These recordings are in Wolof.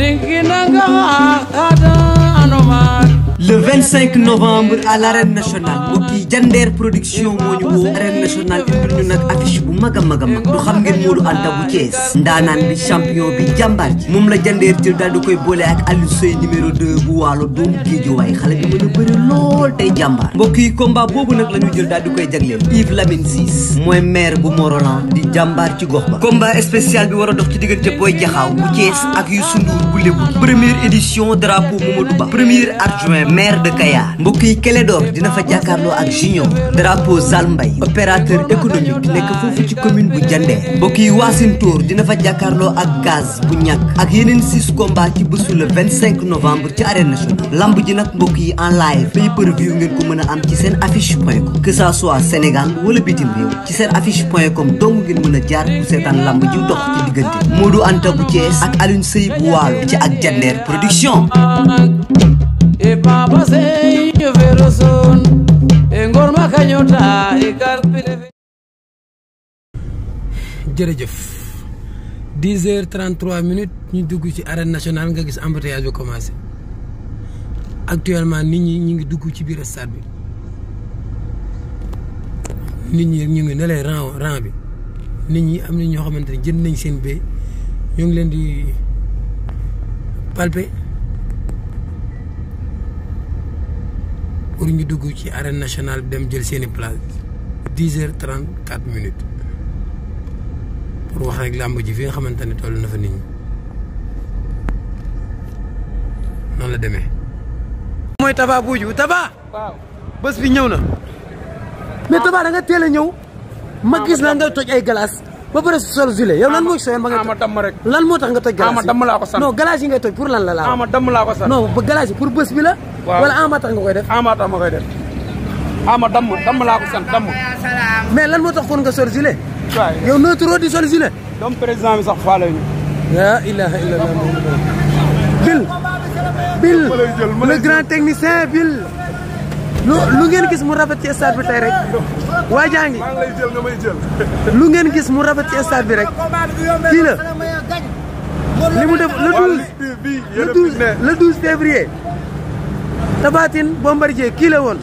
ningi nanga ada le 25 novembre à l'arène nationale mbokk yi Jandeer production moo ñu woo arène nationale indil ñu nag affiche bu mag a mag a mag du xam ngeen Modou Anta bu Thiès ndaanaan bi champion bi jàmbaar ji moom la Jandeer jël daal di koy boole ak Aliou Seye numéro 2 bu waalo doomu Géejuwaay xale bi mën a bëri lool tey jàmbaar mbokk yi combat boobu nag la ñu jël daal di koy jagleel Yves Lamine Ciss mooy maire bu Morolan di jàmbaar ci gox ba combat spécial bi war a dox ci diggante Boy Jaxaaw bu Thiès maire de Kayar mbokk yi Clédor dina fa jàkkaarloo ak Junior drapeau Zalmbay opérateur économique nekk foofu ci commune bu Diender mbokk yi Wassintour dina fa jàkkaarloo ak gaz bu ñàkk ak yeneen six combats ci bésu le 25 novembre ci arène nationale lamb ji nag mbokk yi en live pay per view ngeen ko mën a am ci seen affiche point com que ça soit Sénégal wala bitim réew ci seen affiche point com dong ngeen mën a jaar bu seetaan lamb ji dox ci diggante Modou Anta bu Thiès ak Alioune ci ak Diender production ma basey ñu fero son e ngor ma kañota e kar pile jërëjëf dix heures trente trois minutes ñu dugg ci arène nationale nga gis embouteillage bi commencé actuellement nit ñi ñu ngi dugg ci biir stade bi nit ñi ñu ngi ne lay rang rang bi nit ñi am na ñoo xamante ne jënd nañ seen bee ñoo ngi leen di palper pour ñu dugg ci arène nationale bi dem jël seeni place dix heures trente quatre minutes pour wax rek làmb ji fi nga xamante ne toll na fa nit ñi noonu la demee. mooy Tapha Bouy Djiou Tapha. waaw bés bi ñëw na. mais Tapha da nga a ñëw. ma gis la nga toj ay glace. ba pare sol gilet yow lan moo ci sooyoon ba nga. ama lan moo tax nga toj. glace yi ama damm yi ngay toj pour lan la laa. ama damm laa ko sant ba glace yi pour bés bi la. waaw wala en matin nga koy def. en matin ma koy def. ama damm damm laa ko sant damm. mais lan moo tax kon nga sol gilet. waaw yow noo turoo di sol gilet. doomu président bi sax faale ñu. la ilaha illallah. Bill. Bill grand technicien Bill. lu ngeen gis mu rafet ci stade bi tey rek. waa jàngi ngi lu ngeen gis mu rafet ci stade bi rek. kii la. li mu def Tapha Tine Bombardier kii la woon.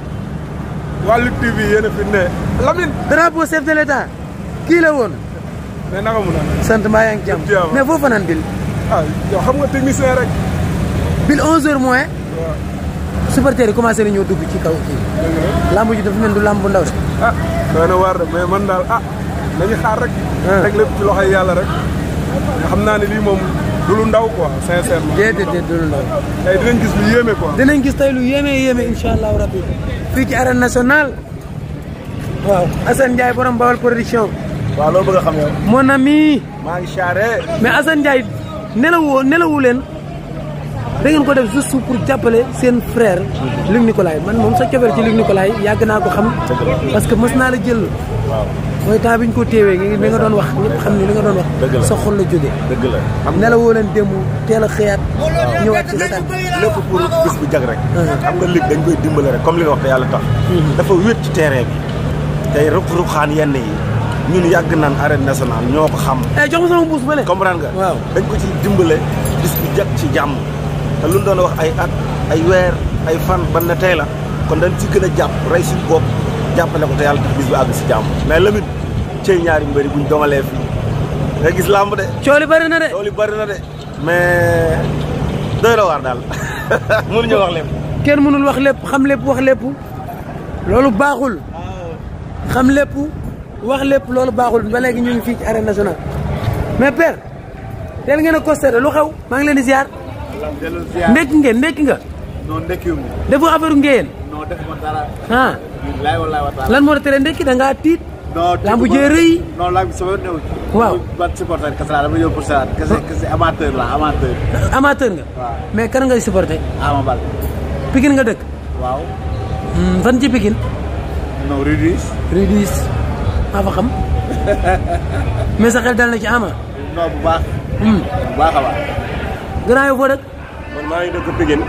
waa Lutte TV yéen a fi ne. Lamine. drapeau chef de l'État kii sant maa yaa ngi jàmm mais foo fanaan bil. ah yow xam nga technicien rek. bil 11h moins. waaw. supporters yi commencé nañoo dugg ci kaw kii. lamb ji dafa mel du lamb bu ndaw de. ah doy waar de mais man daal a ah, nañu xaar rek. rek ah. lépp ci loxoy yàlla rek. xam naa ne lii moom. du lu ndaw quoi sincèrement. déedéet du lu ndaw. tey dinañ gis lu yéeme quoi. dinañ gis tey lu yéeme yéeme incha allahu rabbi fii ci arène waaw Assane borom Bawal production. a xam yow. mon ami. maa ngi charré. mais Assane Ndiaye nelawoo nelawu leen da ko def juste pour jàppale seen frère. Luc Nicolaï man moom sa cofeel ci Luc Nicolaï yàgg naa ko xam. parce que mës la jël. mooy temps bi ñu ko téewee ngi li nga doon wax ñëpp xam ne li nga doon wax la jógee dëgg la nelawoo leen démb teel a xëyaat ñëwaat ci stade lépp pour bis bu jag rek uh-huh. xam nga lig dañ koy dimbale rek comme li nga wax te yàlla tax uh-huh. dafa wéet ci terrain bi tey ruq xaan yenn yi ñun yàgg naan arène nationale ñoo ko xam eh, jox ma sama mbuus bële comprendre nga waaw dañ ko ci dimbale bis bu jag ci jàmm te lu ñu doon wax ay at ay weer ay fan ban na tey la kon dañ ci gën a jàpp rey suñu bopp jàppale ko te yàlla tax bis bu àgg si jàmm mais Lamine cey ñaari mbëri buñ dogalee fii nga gis làmb de. cooli bëri na de cooli bëri na de. mais doy la waar daal mënuñu wax lépp. kenn mënul wax lépp xam lépp wax lépp loolu baaxul. xam lépp wax lépp loolu baaxul ba léegi ñu ngi fii ci arène nationale. mais père teel ngeen a constaté lu xew maa ngi leen di ziar. ndekki ngeen ndekki nga. non ndekki ngeen. non defuma ah. lan moo la tere ndekki da tiit. lamb jee rëy non lamb sama néew waaw ban supporter kese laa dama ñëw pour seetaan kese kese amateur la amateur amateur nga waaw mais kan ngay supporter Ama Baldé nga dëkk hmm, fan ci Pikine non Rudis Rudis maa fa xam mais dal na ci Ama non bu baax hmm. bu baax a baax gannaaw yow foo maa ngi dëkk Pikine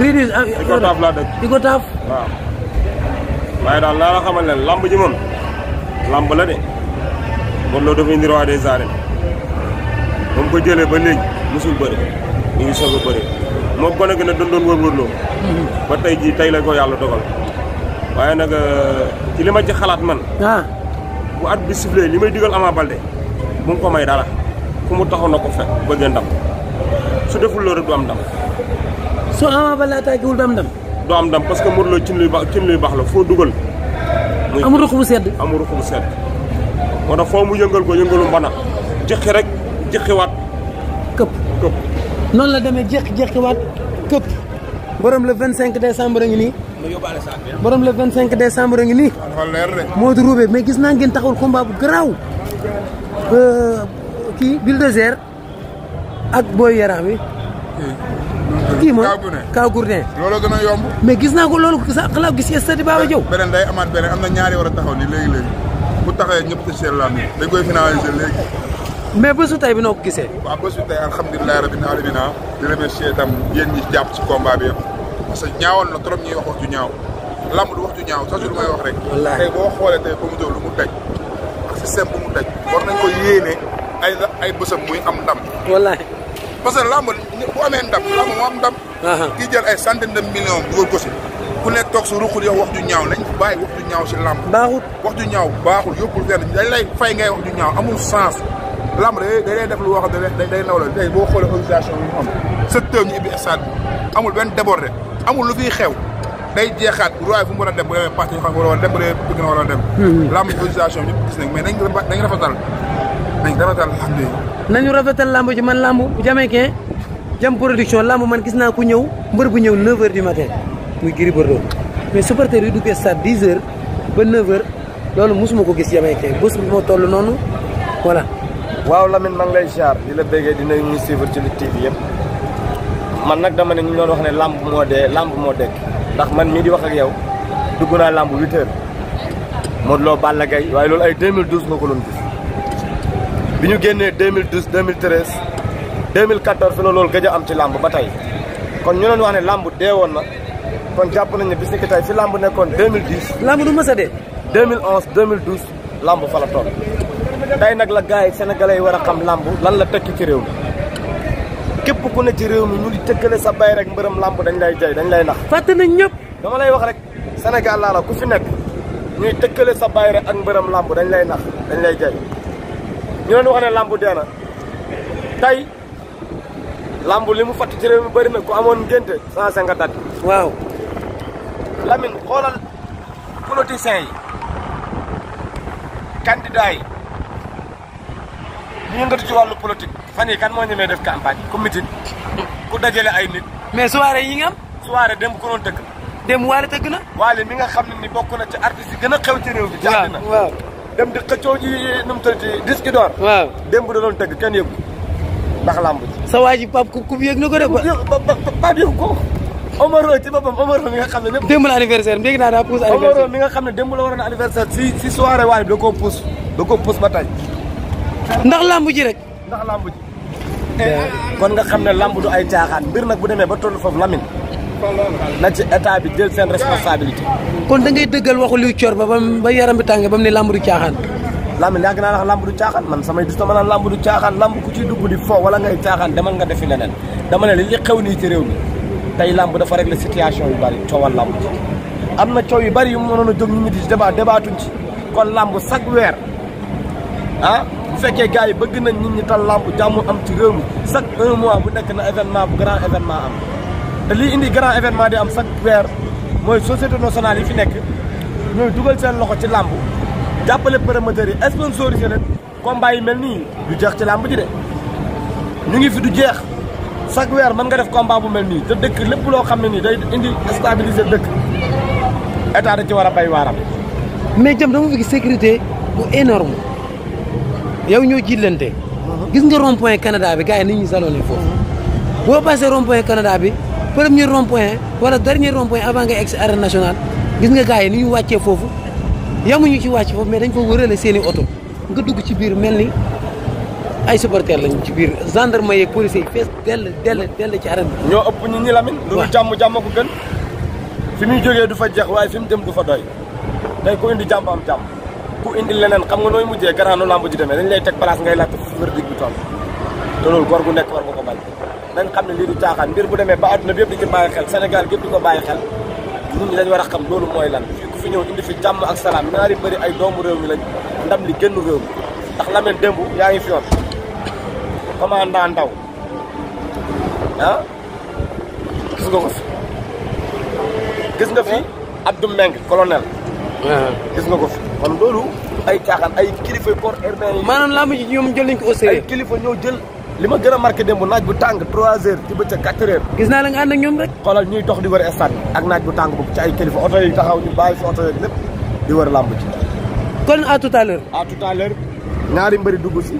Rudis ah, taaf laa dëkk di taaf waaw daal la xamal lamb ji làmb la de Modou Lo dafa indi roi des arènes ko jëlee ba léegi musul bëri ñu ngi soog a bëri moo gën gën a doon mhm. ba tey jii tey la ko yàlla dogal. waaye nag euh, ci li ma ci xalaat man. Ah. bu at bi li may digal Ama Baldé bu mu ko may dara fu mu taxaw na ko fekk bëgg ndam su deful loolu du am ndam. su Ama Baldé attaqué wul du am ndam. du am ndam parce que Modou Lo cin luy ba cin luy baax la foo dugal. amul ruq bu sedd amul ruq bu sedd moo foo mu yëngal ko yëngalu mbana jëqi rek jëqiwaat këpp këpp noonu la deme demee jëqi jëqiwaat këpp borom le 25 décembre a ngi nii borom le 25 décembre a ngi nii Modou Roubé mais gis naa ngeen taxawul combat bu garaaw euh, kii Bulldozer ak Boy Yaraax bi hmm. kii mooy Kaw gën a yomb mais gis naa ko loolu xalaat gis yee stade Baba Diaw beneen day amaat beneen am na ñaari war a taxaw ni léegi léegi bu taxawee ñëpp te seen lam dañ koy finaliser léegi mais bésu tey bi noo ko gisee waaw bésu tey alhamdulilahi rabbil alamina di remercier itam yéen ñi jàpp ci combat bi yëpp parce que ñaawoon na trop ñuy wax wax ju ñaaw lamb du wax ju ñaaw toujours may wax rek tey boo xoolee tey comité lu mu daj ak système bu mu daj war ko yéene ay ay bésam muy am ndam parce que lamb bu amee ndam lamb moo am ndam. kii jël ay centaine de millions dugal ko si. ku ne toog su ruqul yow wax ju ñaaw lañ bàyyi wax ju ñaaw si lamb. baaxul wax ju ñaaw baaxul yóbbul fenn dañ lay fay ngay wax ju ñaaw amul sens. lamb day day def lu wax day day naw la tey boo xoolee organisation bi mu am. secteur ñu ibbi stade bi amul benn débordé amul lu fiy xew. day jeexaat ruwaay fu mu war dem bu demee parti yoo xam ne war a dem bu demee bëgg na a nañu rafetal lamb ji man lamb jamaïcain jam production lamb man gis naa ku ñëw mbër bu ñëw 9h du matin muy Gris Bordeaux mais supporters yi duggee stade 10h ba 9 loolu mosuma ko gis jamaïcain bés bi moo toll noonu voilà. waaw Lamine maa ngi lay ziar di la béggee dina ñuy suivre ci Lutte TV yëpp man nag dama ne ñu doon wax ne làmb moo dee lamb moo dekk ndax man mii di wax ak yow dugg naa lamb 8h Modou Lo Balla Gaye waaye loolu ay 2012 nga ko doon gis. bi ñu génnee 2012 2013 2014 fi la loolu gëj a am ci ba tey kon ñu leen wax ne làmb dee woon na kon jàpp nañ ne bis ki tey fi làmb nekkoon 2010. làmb du mës a dee. 2011 2012 làmb fa la toog tey nag la gars yi sénégalais yi war a xam làmb lan la tekki ci réew képp ku ne ci réew mi ñu di sa bay rek mbërëm làmb dañ lay jay dañ lay nax. fàtte nañ ñëpp. dama lay wax rek Sénégal laa ku fi nekk ñuy tëkkale sa bay rek ak mbërëm làmb dañ lay nax dañ lay jay. ñu leen wax ne làmb dee na tey li mu fatt ci réew mi bëri na ku amoon ngénte cent cinquante at waaw Lamine xoolal politiciens yi candidats yi ñu yëngatu ci wàllu politique fan yi kan moo ñemee def campagne ku mitin ku dajale ay nit mais soirée yi nga am soirée démb ku doon tëgg démb waale tëgg na waale mi nga xam ne ni bokk na ci artistes yi gën a xew ci réew bi jaaxle na dem di xëccoo ji nu mu tëddee disque d'or. waaw démb da doon tëgg kenn yëg ndax làmb ji. sa waa ji Pape ku yëg na ko de. Pape yëg ko. Omaro ci boppam Omaro mi nga xam ne ñëpp. démb anniversaire dégg naa daa pousse anniversaire Omaro mi nga xam ne démb la waroon anniversaire si si soirée waaye bi da koo pousse da koo ba tey. ndax làmb ji rek. ndax làmb ji. kon nga xam ne làmb du ay caaxaan mbir nag bu demee ba tollu foofu Lamine. na ci état bi jël seen responsabilité. kon da ngay dëggal waxu liw coor ba ba yaram bi tàngee ba mu ne làmb du caaxaan. làmb yàgg naa wax làmb du caaxaan man sama gis dama naan làmb du caaxaan làmb ku ci dugg di fo wala ngay caaxaan demal nga defi leneen dama ne li xew nii ci réew mi tey làmb dafa régler situation yu bari coowal làmb ci am na coow yu bari yu mu mënoon a jóg ñu ngi di débat débaatuñ ci kon làmb chaque weer ah bu fekkee gaa yi bëgg nañ nit ñi tal làmb jàmm am ci réew mi mois bu nekk na événement bu grand événement am. te liy indi grand événement di am chaque weer mooy société nationale yi fi nekk ñooy dugal seen loxo ci làmb jàppale promoteurs yi sponsorisé leen combat yi mel nii du jeex ci làmb ji de ñu ngi fi du jeex chaque weer mën nga def combat bu mel nii te dëkk lépp loo xam ne nii day indi stabiliser dëkk état da ci war a bay waaram. mais jëm dama fi gis sécurité bu énorme yow ñoo mhm. gis nga rond point Canada bi gars yi nit ñi saloo foofu. boo passé rond point bi. premier rond point wala dernier rond point avant nga egg si gis nga gars yi ni ñu wàccee foofu yamuñu ci wàcc foofu mais dañ ko wërale seen i oto nga dugg ci biir mel ni ay supporter lañ ci biir gendarme yeeg police yi fees dell dell dell ci arène ñoo ëpp ñun ñi Lamine. waaw loolu jàmm jàmm ko gën. fi muy jógee du fa jeex waaye fi dem du fa doy tey ku indi jàmm am jàmm. ku indi leneen xam nga nooy mujjee garaanu lamb ji demee dañ lay teg place ngay laajte fu wér loolu góor gu nekk war nga ko nañ xam ne lii du caaxaan bu demee ba àdduna bi yëpp di ci bàyyi xel Sénégal gépp di ko xel nit ñi dañu war a xam loolu mooy lan fii ku fi ñëw indi fi jàmm ak salaam ñaari bëri ay doomu réew mi lañ ndam li génn réew mi ndax Lamine démb yaa ngi fi woon commandant ndaw ah gis ko fi gis nga fi uh-huh. ko fi kon loolu ay caaxaan ay kilifa corps urbain yi maanaam lamb ji ñoom jël nañ ko au sérieux ay kilifa ñoo jël li gën a dem démb naaj bu tàng 3 heures ci bëccëg 4 heures. gis naa la nga ñoom rek. xoolal ñuy dox di wër stade ak naaj bu tàng boobu ci ay kilifa oto yi taxaw ñu bàyyi fi oto yeeg lépp di wër làmb ci. kon à ñaari mbëri dugg si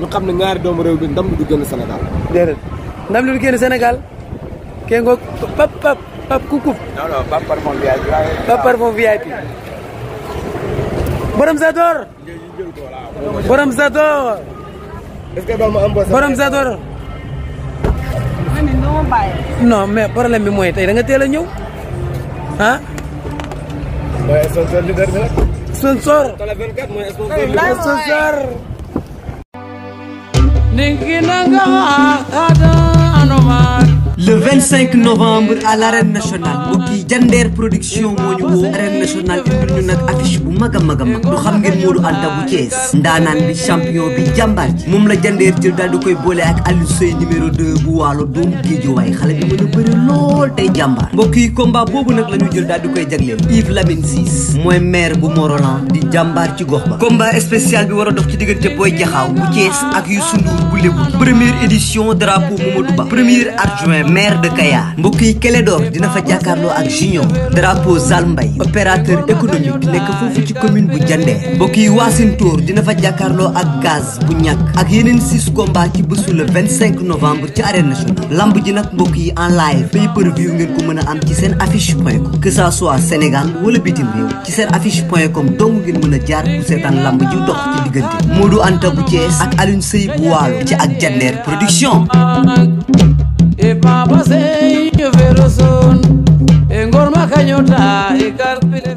ñu xam ne ñaari doomu réew bi ndam li du génn Sénégal. déedéet ndam li du génn Sénégal kee ngoog pap pap pap kukuf. non non pap parfum VIP. pap parfum VIP. borom Zador. borom Zador. est-ce que doo ma embauché. borom Zadoror. non problème bi mooy tey da nga teel a ñëw ah. mooy sponsor leader bi nag. sponsor. Télé le 25 novembre à l'arène nationale mbokk yi Jandeer production moo ñu woo arène nationale indil ñu nag affiche bu mag a mag a mag du xam ngeen Modou bu Thiès ndaanaan bi champion bi jàmbaar ji moom la Jandeer jël daal di koy boole ak Aliou Seye numéro 2 bu waalo doomu Géejuwaay xale bi mën a bëri lool tey jàmbaar mbokk yi boobu nag la ñu jël daal di koy jagleel Yves Lamine Ciss mooy maire bu Morolan di jàmbaar ci gox ba combat spécial bi war a dox ci diggante Boy Jaxaaw bu Thiès ak Youssou Ndour bu maire de Kayar mbokk yi Kélédor dina fa jàkkaarloo ak Junior drapeau Zalmbay opérateur économique nekk foofu ci commune bu Diender mbokk yi Wassintour dina fa jàkkaarloo ak gaz bu ñàkk ak yeneen six combats ci bésu le 25 novembre ci arène nationale lamb ji nag mbokk yi en live pay per view ngeen ko mën a am ci seen affiche point com que ça soit Sénégal wala bitim réew ci seen affiche point com dong ngeen mën a jaar bu seetaan lamb ji dox ci diggante Modou Anta bu Thiès ak Alioune Seye bu Waalo ci ak Diender production e papa sey yo feroson e gorma kañota e karpile